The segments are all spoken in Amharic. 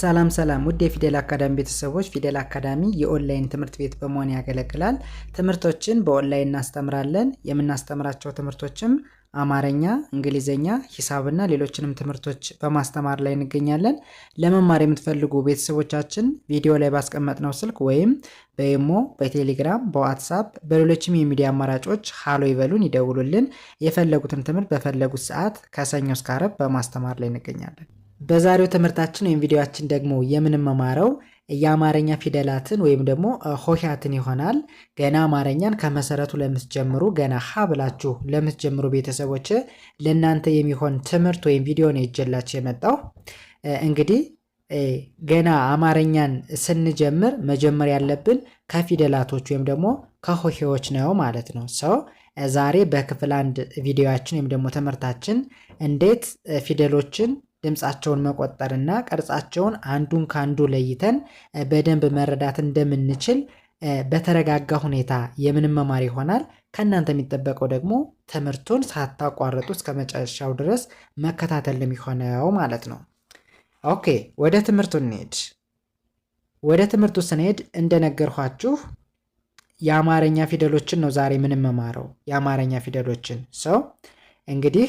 ሰላም ሰላም ውድ የፊደል አካዳሚ ቤተሰቦች፣ ፊደል አካዳሚ የኦንላይን ትምህርት ቤት በመሆን ያገለግላል። ትምህርቶችን በኦንላይን እናስተምራለን። የምናስተምራቸው ትምህርቶችም አማረኛ፣ እንግሊዘኛ፣ ሂሳብና ሌሎችንም ትምህርቶች በማስተማር ላይ እንገኛለን። ለመማር የምትፈልጉ ቤተሰቦቻችን ቪዲዮ ላይ ባስቀመጥነው ስልክ ወይም በኢሞ፣ በቴሌግራም፣ በዋትሳፕ በሌሎችም የሚዲያ አማራጮች ሀሎ ይበሉን፣ ይደውሉልን። የፈለጉትን ትምህርት በፈለጉት ሰዓት ከሰኞ እስከ ዓርብ በማስተማር ላይ እንገኛለን። በዛሬው ትምህርታችን ወይም ቪዲዮችን ደግሞ የምንመማረው የአማርኛ ፊደላትን ወይም ደግሞ ሆሄያትን ይሆናል። ገና አማርኛን ከመሰረቱ ለምትጀምሩ ገና ሀ ብላችሁ ለምትጀምሩ ቤተሰቦች ለእናንተ የሚሆን ትምህርት ወይም ቪዲዮ ነው ይዤላችሁ የመጣው። እንግዲህ ገና አማርኛን ስንጀምር መጀመር ያለብን ከፊደላቶች ወይም ደግሞ ከሆሄዎች ነው ማለት ነው ሰው ዛሬ በክፍል አንድ ቪዲዮችን ወይም ደግሞ ትምህርታችን እንዴት ፊደሎችን ድምፃቸውን መቆጠርና ቅርጻቸውን አንዱን ከአንዱ ለይተን በደንብ መረዳት እንደምንችል በተረጋጋ ሁኔታ የምንመማር ይሆናል። ከእናንተ የሚጠበቀው ደግሞ ትምህርቱን ሳታቋርጡ እስከ መጨረሻው ድረስ መከታተል የሚሆነው ማለት ነው። ኦኬ ወደ ትምህርቱ እንሄድ። ወደ ትምህርቱ ስንሄድ እንደነገርኋችሁ የአማርኛ ፊደሎችን ነው ዛሬ የምንመማረው። የአማርኛ ፊደሎችን ሰው እንግዲህ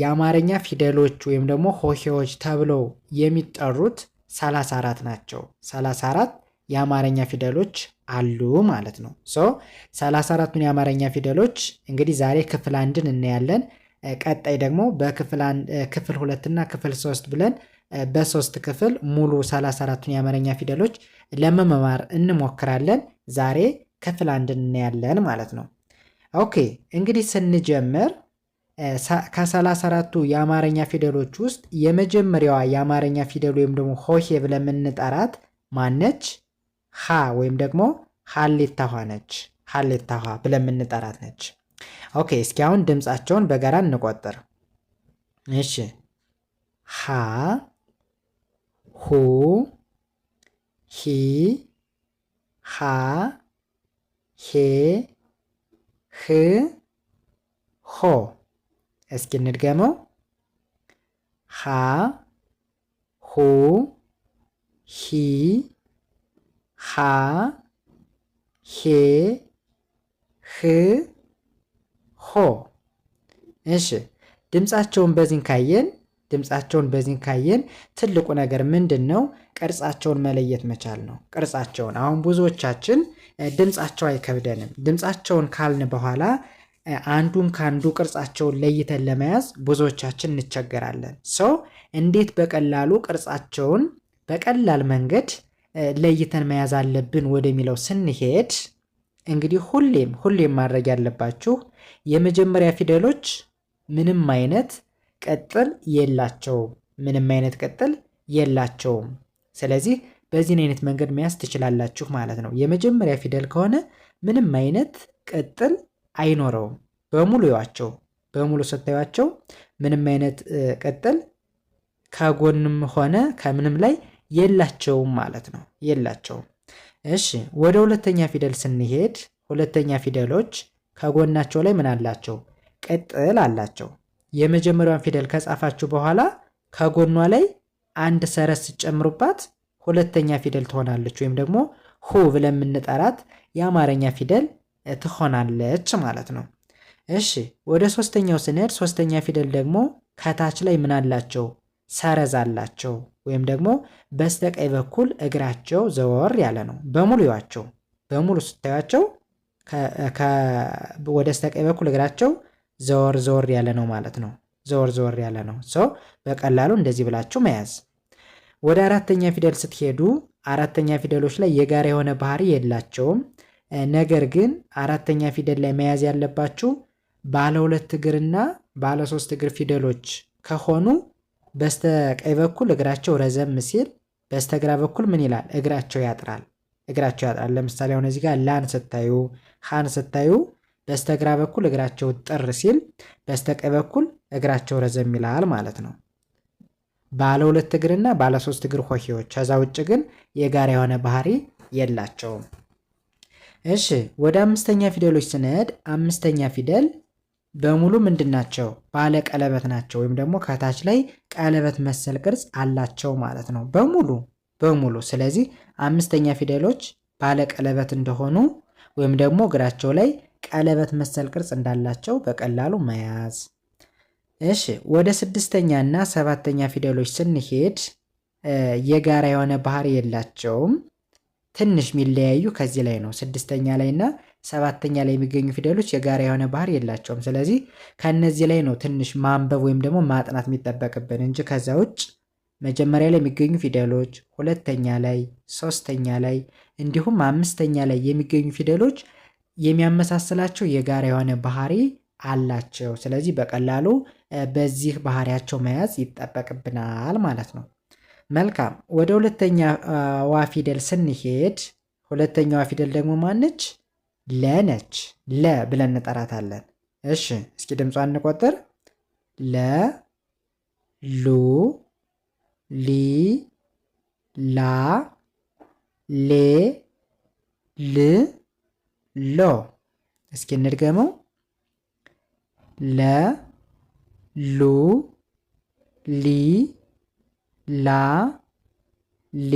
የአማርኛ ፊደሎች ወይም ደግሞ ሆሄዎች ተብለው የሚጠሩት 34 ናቸው። 34 የአማርኛ ፊደሎች አሉ ማለት ነው። ሶ 34ቱን የአማርኛ ፊደሎች እንግዲህ ዛሬ ክፍል አንድን እናያለን። ቀጣይ ደግሞ በክፍል ሁለት እና ክፍል ሶስት ብለን በሶስት ክፍል ሙሉ 34ቱን የአማርኛ ፊደሎች ለመመማር እንሞክራለን። ዛሬ ክፍል አንድን እናያለን ማለት ነው። ኦኬ እንግዲህ ስንጀምር ከሰላሳ አራቱ የአማርኛ ፊደሎች ውስጥ የመጀመሪያዋ የአማርኛ ፊደል ወይም ደግሞ ሆሄ ብለን የምንጠራት ማነች? ሀ ወይም ደግሞ ሀሌታ ኋ ነች። ሀሌታ ብለን የምንጠራት ነች። ኦኬ እስኪ አሁን ድምፃቸውን በጋራ እንቆጥር። እሺ ሀ ሁ ሂ ሃ ሄ ህ ሆ እስኪ እንድገመው። ሀ ሁ ሂ ሃ ሄ ህ ሆ። እሺ ድምፃቸውን በዚህን ካየን ድምፃቸውን በዚህን ካየን ትልቁ ነገር ምንድን ነው? ቅርጻቸውን መለየት መቻል ነው። ቅርጻቸውን አሁን ብዙዎቻችን ድምፃቸው አይከብደንም። ድምፃቸውን ካልን በኋላ አንዱን ከአንዱ ቅርጻቸውን ለይተን ለመያዝ ብዙዎቻችን እንቸገራለን። ሰው እንዴት በቀላሉ ቅርጻቸውን በቀላል መንገድ ለይተን መያዝ አለብን ወደሚለው ስንሄድ እንግዲህ ሁሌም ሁሌም ማድረግ ያለባችሁ የመጀመሪያ ፊደሎች ምንም አይነት ቅጥል የላቸውም። ምንም አይነት ቅጥል የላቸውም። ስለዚህ በዚህን አይነት መንገድ መያዝ ትችላላችሁ ማለት ነው። የመጀመሪያ ፊደል ከሆነ ምንም አይነት ቅጥል አይኖረውም። በሙሉ ይዋቸው በሙሉ ስታዩቸው ምንም አይነት ቅጥል ከጎንም ሆነ ከምንም ላይ የላቸውም ማለት ነው፣ የላቸውም። እሺ ወደ ሁለተኛ ፊደል ስንሄድ ሁለተኛ ፊደሎች ከጎናቸው ላይ ምን አላቸው? ቅጥል አላቸው። የመጀመሪያውን ፊደል ከጻፋችሁ በኋላ ከጎኗ ላይ አንድ ሰረዝ ስጨምሩባት ሁለተኛ ፊደል ትሆናለች፣ ወይም ደግሞ ሁ ብለን የምንጠራት የአማርኛ ፊደል ትሆናለች ማለት ነው። እሺ ወደ ሶስተኛው ስንሄድ ሶስተኛ ፊደል ደግሞ ከታች ላይ ምን አላቸው? ሰረዝ አላቸው። ወይም ደግሞ በስተቀኝ በኩል እግራቸው ዘወር ያለ ነው። በሙሉ ይዋቸው በሙሉ ስታያቸው ወደ ስተቀኝ በኩል እግራቸው ዘወር ዘወር ያለ ነው ማለት ነው። ዘወር ዘወር ያለ ነው ሰው በቀላሉ እንደዚህ ብላችሁ መያዝ። ወደ አራተኛ ፊደል ስትሄዱ አራተኛ ፊደሎች ላይ የጋራ የሆነ ባህሪ የላቸውም። ነገር ግን አራተኛ ፊደል ላይ መያዝ ያለባችሁ ባለ ሁለት እግርና ባለ ሶስት እግር ፊደሎች ከሆኑ በስተቀኝ በኩል እግራቸው ረዘም ሲል በስተግራ በኩል ምን ይላል? እግራቸው ያጥራል። እግራቸው ያጥራል። ለምሳሌ አሁን እዚህ ጋር ላን ስታዩ፣ ሃን ስታዩ በስተግራ በኩል እግራቸው ጥር ሲል በስተቀኝ በኩል እግራቸው ረዘም ይላል ማለት ነው። ባለ ሁለት እግርና ባለ ሶስት እግር ሆሄዎች ከዛ ውጭ ግን የጋራ የሆነ ባህሪ የላቸውም። እሺ ወደ አምስተኛ ፊደሎች ስንሄድ አምስተኛ ፊደል በሙሉ ምንድን ናቸው? ባለ ቀለበት ናቸው፣ ወይም ደግሞ ከታች ላይ ቀለበት መሰል ቅርጽ አላቸው ማለት ነው። በሙሉ በሙሉ። ስለዚህ አምስተኛ ፊደሎች ባለ ቀለበት እንደሆኑ ወይም ደግሞ እግራቸው ላይ ቀለበት መሰል ቅርጽ እንዳላቸው በቀላሉ መያዝ። እሺ ወደ ስድስተኛ እና ሰባተኛ ፊደሎች ስንሄድ የጋራ የሆነ ባህሪ የላቸውም። ትንሽ የሚለያዩ ከዚህ ላይ ነው። ስድስተኛ ላይ እና ሰባተኛ ላይ የሚገኙ ፊደሎች የጋራ የሆነ ባህሪ የላቸውም። ስለዚህ ከእነዚህ ላይ ነው ትንሽ ማንበብ ወይም ደግሞ ማጥናት የሚጠበቅብን እንጂ ከዛ ውጭ መጀመሪያ ላይ የሚገኙ ፊደሎች፣ ሁለተኛ ላይ፣ ሶስተኛ ላይ እንዲሁም አምስተኛ ላይ የሚገኙ ፊደሎች የሚያመሳስላቸው የጋራ የሆነ ባህሪ አላቸው። ስለዚህ በቀላሉ በዚህ ባህሪያቸው መያዝ ይጠበቅብናል ማለት ነው። መልካም ወደ ሁለተኛዋ ፊደል ስንሄድ ሁለተኛዋ ፊደል ደግሞ ማነች? ለነች። ለ ብለን እንጠራታለን። እሺ እስኪ ድምጿን እንቆጥር። ለ ሉ ሊ ላ ሌ ል ሎ። እስኪ እንድገመው። ለ ሉ ሊ ላ ሌ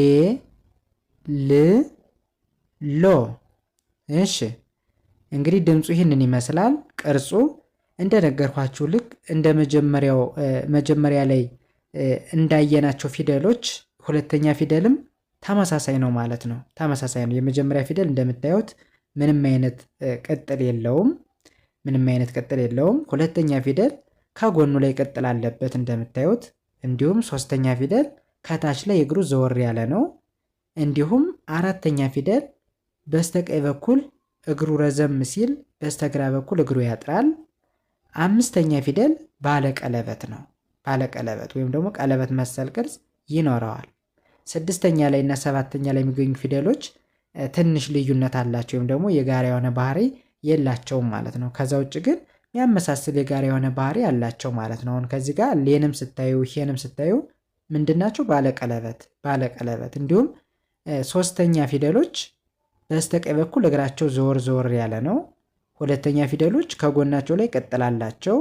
ል ሎ እሺ እንግዲህ ድምፁ ይህንን ይመስላል። ቅርጹ እንደነገርኳችሁ ልክ እንደ መጀመሪያው መጀመሪያ ላይ እንዳየናቸው ፊደሎች ሁለተኛ ፊደልም ተመሳሳይ ነው ማለት ነው። ተመሳሳይ ነው። የመጀመሪያ ፊደል እንደምታዩት ምንም አይነት ቅጥል የለውም። ምንም አይነት ቅጥል የለውም። ሁለተኛ ፊደል ከጎኑ ላይ ቅጥል አለበት እንደምታዩት እንዲሁም ሶስተኛ ፊደል ከታች ላይ እግሩ ዘወር ያለ ነው። እንዲሁም አራተኛ ፊደል በስተቀኝ በኩል እግሩ ረዘም ሲል በስተግራ በኩል እግሩ ያጥራል። አምስተኛ ፊደል ባለቀለበት ነው። ባለቀለበት ወይም ደግሞ ቀለበት መሰል ቅርጽ ይኖረዋል። ስድስተኛ ላይ እና ሰባተኛ ላይ የሚገኙ ፊደሎች ትንሽ ልዩነት አላቸው ወይም ደግሞ የጋራ የሆነ ባህሪ የላቸውም ማለት ነው። ከዛ ውጭ ግን የሚያመሳስል የጋራ የሆነ ባህሪ ያላቸው ማለት ነው። አሁን ከዚህ ጋር ሌንም ስታዩ ሄንም ስታዩ ምንድን ናቸው? ባለቀለበት ባለቀለበት። እንዲሁም ሶስተኛ ፊደሎች በስተቀኝ በኩል እግራቸው ዞር ዞር ያለ ነው። ሁለተኛ ፊደሎች ከጎናቸው ላይ ቅጥል አላቸው።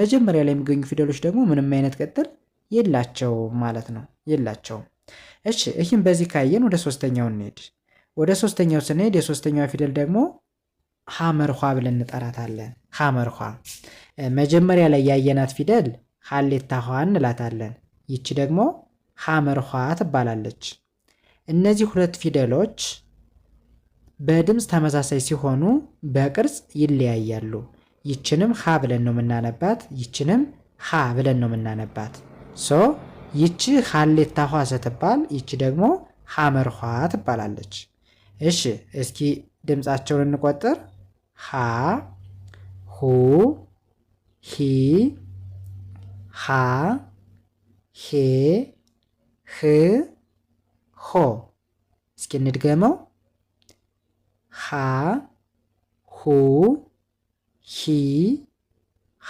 መጀመሪያ ላይ የሚገኙ ፊደሎች ደግሞ ምንም አይነት ቅጥል የላቸው ማለት ነው የላቸውም። እሺ ይህም በዚህ ካየን ወደ ሶስተኛው እንሄድ። ወደ ሶስተኛው ስንሄድ የሶስተኛው ፊደል ደግሞ ሐመርኋ ብለን እንጠራታለን። ሐመርኋ መጀመሪያ ላይ ያየናት ፊደል ሀሌታ ኋ እንላታለን። ይቺ ደግሞ ሐመርኋ ትባላለች። እነዚህ ሁለት ፊደሎች በድምፅ ተመሳሳይ ሲሆኑ በቅርጽ ይለያያሉ። ይችንም ሀ ብለን ነው የምናነባት፣ ይችንም ሀ ብለን ነው የምናነባት። ሶ ይቺ ሀሌታ ኋ ስትባል፣ ይቺ ደግሞ ሐመርኋ ትባላለች። እሺ፣ እስኪ ድምፃቸውን እንቆጥር። ሃ ሁ ሂ ሃ ሄ ህ ሆ። እስኪ እንድገመው። ሃ ሁ ሂ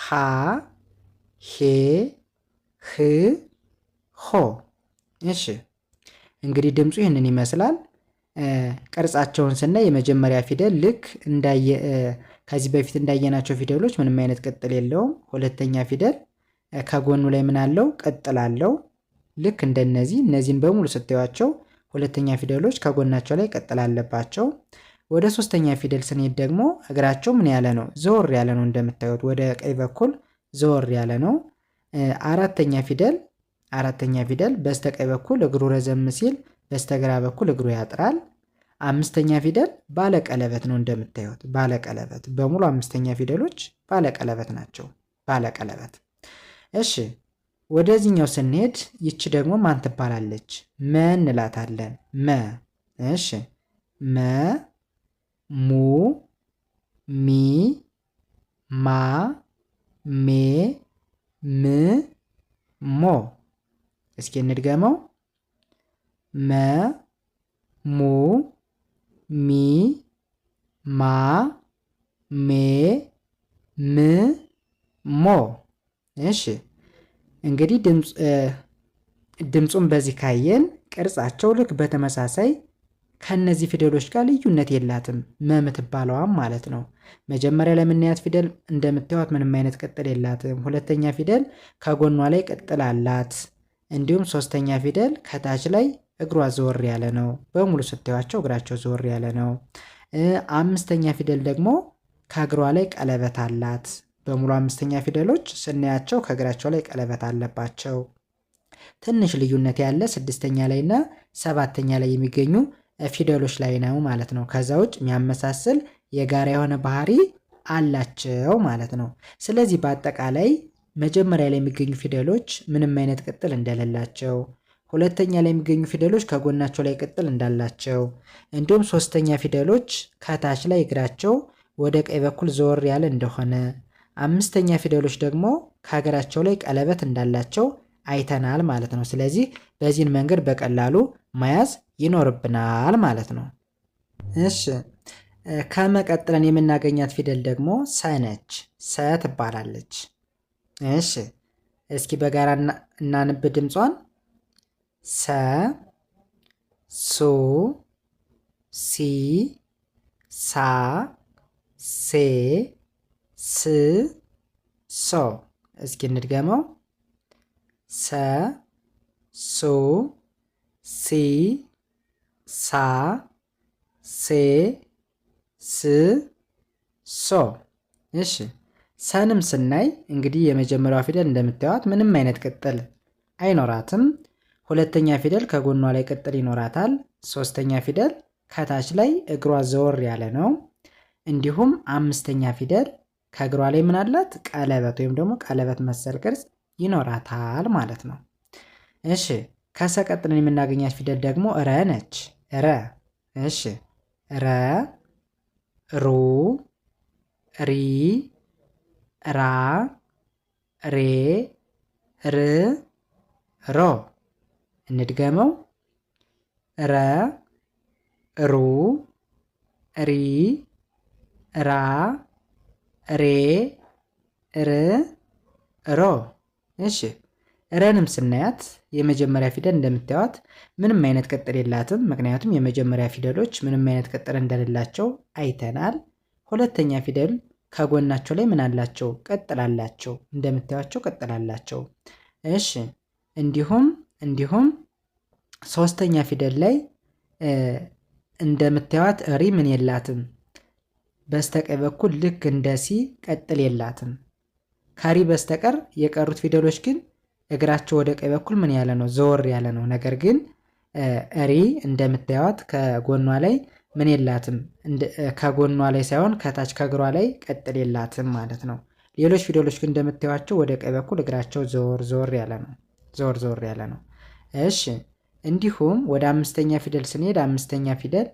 ሃ ሄ ህ ሆ። እሺ እንግዲህ ድምፁ ይህንን ይመስላል። ቅርጻቸውን ስናይ የመጀመሪያ ፊደል ልክ ከዚህ በፊት እንዳየናቸው ፊደሎች ምንም አይነት ቅጥል የለውም። ሁለተኛ ፊደል ከጎኑ ላይ ምን አለው? ቅጥል አለው። ልክ እንደነዚህ እነዚህን በሙሉ ስታዩቸው ሁለተኛ ፊደሎች ከጎናቸው ላይ ቅጥል አለባቸው። ወደ ሶስተኛ ፊደል ስንሄድ ደግሞ እግራቸው ምን ያለ ነው? ዘወር ያለ ነው። እንደምታዩት ወደ ቀኝ በኩል ዘወር ያለ ነው። አራተኛ ፊደል አራተኛ ፊደል በስተቀኝ በኩል እግሩ ረዘም ሲል በስተግራ በኩል እግሩ ያጥራል። አምስተኛ ፊደል ባለቀለበት ነው። እንደምታዩት ባለቀለበት በሙሉ አምስተኛ ፊደሎች ባለቀለበት ናቸው። ባለቀለበት። እሺ ወደዚህኛው ስንሄድ ይቺ ደግሞ ማን ትባላለች? መ እንላታለን። መ። እሺ መ፣ ሙ፣ ሚ፣ ማ፣ ሜ፣ ም፣ ሞ። እስኪ እንድገመው መ ሙ ሚ ማ ሜ ም ሞ። እሺ እንግዲህ ድምፁን በዚህ ካየን ቅርጻቸው ልክ በተመሳሳይ ከእነዚህ ፊደሎች ጋር ልዩነት የላትም። መምትባለዋም ማለት ነው። መጀመሪያ ለምናያት ፊደል እንደምታዩት ምንም አይነት ቅጥል የላትም። ሁለተኛ ፊደል ከጎኗ ላይ ቅጥል አላት። እንዲሁም ሶስተኛ ፊደል ከታች ላይ እግሯ ዘወር ያለ ነው። በሙሉ ስታዩቸው እግራቸው ዘወር ያለ ነው። አምስተኛ ፊደል ደግሞ ከእግሯ ላይ ቀለበት አላት። በሙሉ አምስተኛ ፊደሎች ስናያቸው ከእግራቸው ላይ ቀለበት አለባቸው። ትንሽ ልዩነት ያለ ስድስተኛ ላይ እና ሰባተኛ ላይ የሚገኙ ፊደሎች ላይ ነው ማለት ነው። ከዛ ውጭ የሚያመሳስል የጋራ የሆነ ባህሪ አላቸው ማለት ነው። ስለዚህ በአጠቃላይ መጀመሪያ ላይ የሚገኙ ፊደሎች ምንም አይነት ቅጥል እንደሌላቸው ሁለተኛ ላይ የሚገኙ ፊደሎች ከጎናቸው ላይ ቅጥል እንዳላቸው እንዲሁም ሶስተኛ ፊደሎች ከታች ላይ እግራቸው ወደ ቀኝ በኩል ዘወር ያለ እንደሆነ፣ አምስተኛ ፊደሎች ደግሞ ከሀገራቸው ላይ ቀለበት እንዳላቸው አይተናል ማለት ነው። ስለዚህ በዚህን መንገድ በቀላሉ መያዝ ይኖርብናል ማለት ነው። እሺ ከመቀጥለን የምናገኛት ፊደል ደግሞ ሰ ነች። ሰ ትባላለች። እሺ እስኪ በጋራ እናንብ ድምጿን ሰ ሱ ሲ ሳ ሴ ስ ሶ። እስኪ እንድገመው። ሰ ሱ ሲ ሳ ሴ ስ ሶ። እሺ ሰንም ስናይ እንግዲህ የመጀመሪያው ፊደል እንደምታዩት ምንም አይነት ቅጥል አይኖራትም። ሁለተኛ ፊደል ከጎኗ ላይ ቅጥል ይኖራታል። ሶስተኛ ፊደል ከታች ላይ እግሯ ዘወር ያለ ነው። እንዲሁም አምስተኛ ፊደል ከእግሯ ላይ ምን አላት? ቀለበት ወይም ደግሞ ቀለበት መሰል ቅርጽ ይኖራታል ማለት ነው። እሺ ከሰ ቀጥለን የምናገኛት ፊደል ደግሞ ረ ነች። ረ እሺ ረ ሩ ሪ ራ ሬ ር ሮ እንድገመው ረ ሩ ሪ ራ ሬ ር ሮ። እሺ ረንም ስናያት የመጀመሪያ ፊደል እንደምታዩት ምንም አይነት ቅጥል የላትም። ምክንያቱም የመጀመሪያ ፊደሎች ምንም አይነት ቅጥል እንደሌላቸው አይተናል። ሁለተኛ ፊደል ከጎናቸው ላይ ምን አላቸው? ቅጥል አላቸው። እንደምታዩቸው ቅጥል አላቸው። እሺ እንዲሁም እንዲሁም ሶስተኛ ፊደል ላይ እንደምታዩት ሪ ምን የላትም። በስተቀኝ በኩል ልክ እንደ ሲ ቀጥል የላትም። ከሪ በስተቀር የቀሩት ፊደሎች ግን እግራቸው ወደ ቀኝ በኩል ምን ያለ ነው? ዘወር ያለ ነው። ነገር ግን ሪ እንደምታዩት ከጎኗ ላይ ምን የላትም። ከጎኗ ላይ ሳይሆን ከታች ከእግሯ ላይ ቀጥል የላትም ማለት ነው። ሌሎች ፊደሎች ግን እንደምታዩቸው ወደ ቀኝ በኩል እግራቸው ዘወር ዘወር ያለ ነው። ዘወር ዘወር ያለ ነው። እሺ እንዲሁም ወደ አምስተኛ ፊደል ስንሄድ አምስተኛ ፊደል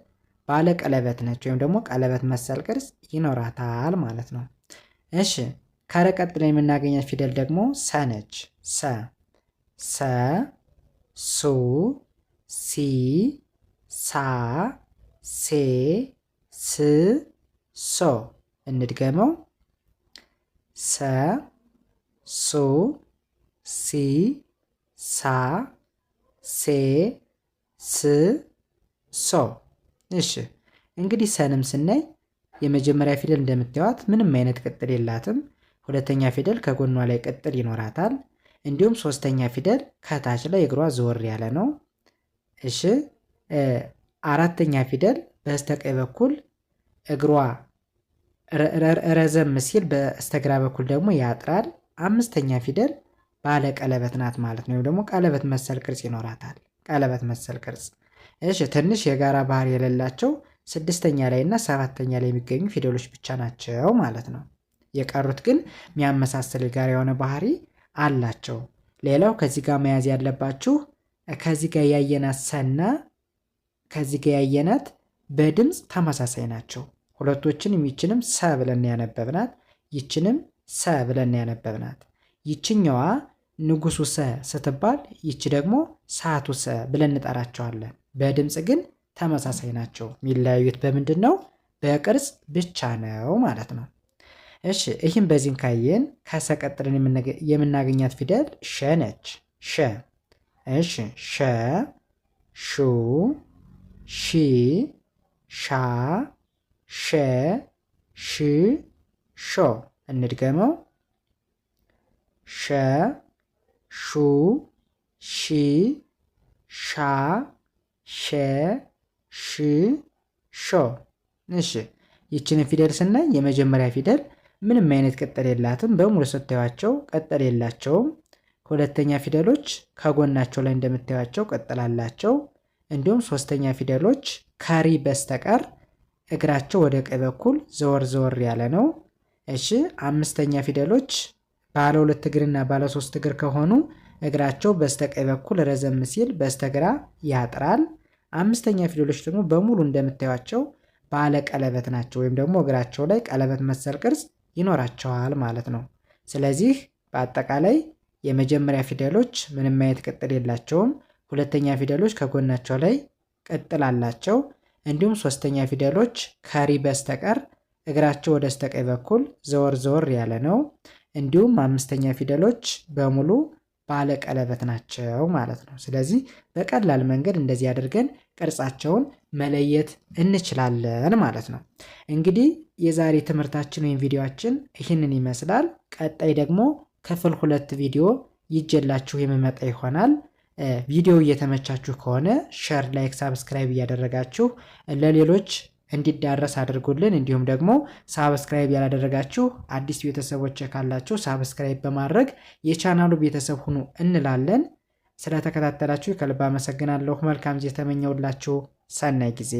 ባለ ቀለበት ነች፣ ወይም ደግሞ ቀለበት መሰል ቅርጽ ይኖራታል ማለት ነው። እሺ ከረቀጥ ላይ የምናገኛት ፊደል ደግሞ ሰ ነች። ሰ ሰ ሱ ሲ ሳ ሴ ስ ሶ። እንድገመው ሰ ሱ ሲ ሳ ሴ ስ ሶ። እሺ እንግዲህ ሰንም ስናይ የመጀመሪያ ፊደል እንደምታዩት ምንም አይነት ቅጥል የላትም። ሁለተኛ ፊደል ከጎኗ ላይ ቅጥል ይኖራታል። እንዲሁም ሶስተኛ ፊደል ከታች ላይ እግሯ ዘወር ያለ ነው። እሺ አራተኛ ፊደል በስተቀኝ በኩል እግሯ ረዘም ሲል በስተግራ በኩል ደግሞ ያጥራል። አምስተኛ ፊደል ባለ ቀለበት ናት ማለት ነው። ወይም ደግሞ ቀለበት መሰል ቅርጽ ይኖራታል። ቀለበት መሰል ቅርጽ። እሺ ትንሽ የጋራ ባህሪ የሌላቸው ስድስተኛ ላይ እና ሰባተኛ ላይ የሚገኙ ፊደሎች ብቻ ናቸው ማለት ነው። የቀሩት ግን የሚያመሳስል ጋር የሆነ ባህሪ አላቸው። ሌላው ከዚህ ጋር መያዝ ያለባችሁ ከዚህ ጋር ያየናት ሰና ከዚህ ጋር ያየናት በድምፅ ተመሳሳይ ናቸው። ሁለቶችን ይችንም ሰ ብለን ያነበብናት፣ ይችንም ሰ ብለን ያነበብናት። ይችኛዋ ንጉሱ ሰ ስትባል ይቺ ደግሞ ሳቱ ሰ ብለን እንጠራቸዋለን። በድምፅ ግን ተመሳሳይ ናቸው። የሚለያዩት በምንድን ነው? በቅርጽ ብቻ ነው ማለት ነው። እሺ ይህም በዚህን ካየን ከሰ የምናገኛት ፊደል ሸ ነች። ሸ እሺ፣ ሸ፣ ሹ፣ ሺ፣ ሻ፣ ሸ፣ ሺ፣ ሾ። እንድገመው ሸ ሹ ሺ ሻ ሼ ሽ ሾ። እሺ ይችንን ፊደል ስናይ የመጀመሪያ ፊደል ምንም አይነት ቅጠል የላትም። በሙሉ ስታዩቸው ቅጠል የላቸውም። ሁለተኛ ፊደሎች ከጎናቸው ላይ እንደምታዩቸው ቅጥል አላቸው። እንዲሁም ሶስተኛ ፊደሎች ከሪ በስተቀር እግራቸው ወደ ቀኝ በኩል ዘወር ዘወር ያለ ነው። እሺ አምስተኛ ፊደሎች ባለ ሁለት እግርና ባለ ሶስት እግር ከሆኑ እግራቸው በስተቀኝ በኩል ረዘም ሲል በስተግራ ያጥራል። አምስተኛ ፊደሎች ደግሞ በሙሉ እንደምታዩቸው ባለ ቀለበት ናቸው፣ ወይም ደግሞ እግራቸው ላይ ቀለበት መሰል ቅርጽ ይኖራቸዋል ማለት ነው። ስለዚህ በአጠቃላይ የመጀመሪያ ፊደሎች ምንም አይነት ቅጥል የላቸውም። ሁለተኛ ፊደሎች ከጎናቸው ላይ ቅጥል አላቸው። እንዲሁም ሶስተኛ ፊደሎች ከሪ በስተቀር እግራቸው ወደ ስተቀኝ በኩል ዘወር ዘወር ያለ ነው። እንዲሁም አምስተኛ ፊደሎች በሙሉ ባለ ቀለበት ናቸው ማለት ነው። ስለዚህ በቀላል መንገድ እንደዚህ አድርገን ቅርጻቸውን መለየት እንችላለን ማለት ነው። እንግዲህ የዛሬ ትምህርታችን ወይም ቪዲዮችን ይህንን ይመስላል። ቀጣይ ደግሞ ክፍል ሁለት ቪዲዮ ይጀላችሁ የሚመጣ ይሆናል። ቪዲዮ እየተመቻችሁ ከሆነ ሸር፣ ላይክ፣ ሳብስክራይብ እያደረጋችሁ ለሌሎች እንዲዳረስ አድርጉልን። እንዲሁም ደግሞ ሳብስክራይብ ያላደረጋችሁ አዲስ ቤተሰቦች ካላችሁ ሳብስክራይብ በማድረግ የቻናሉ ቤተሰብ ሁኑ እንላለን። ስለተከታተላችሁ ከልብ አመሰግናለሁ። መልካም ጊዜ ተመኘውላችሁ። ሰናይ ጊዜ